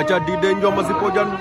अच्छा डीडेन जो मज़ीब हुजनि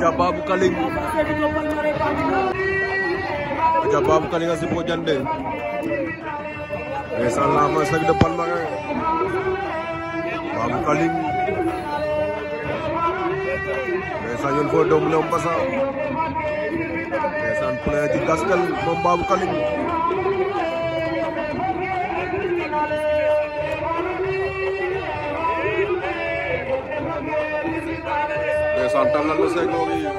aja babu kaling aja babu kaling asi bo jande esa eh, la ma sak de palmarin eh. babu kaling esa yon fo dom le mbasa esa player di gaskel mom babu kaling están hablándose con ellos. Oh,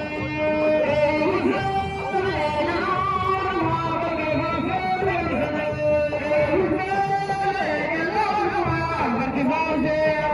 demandé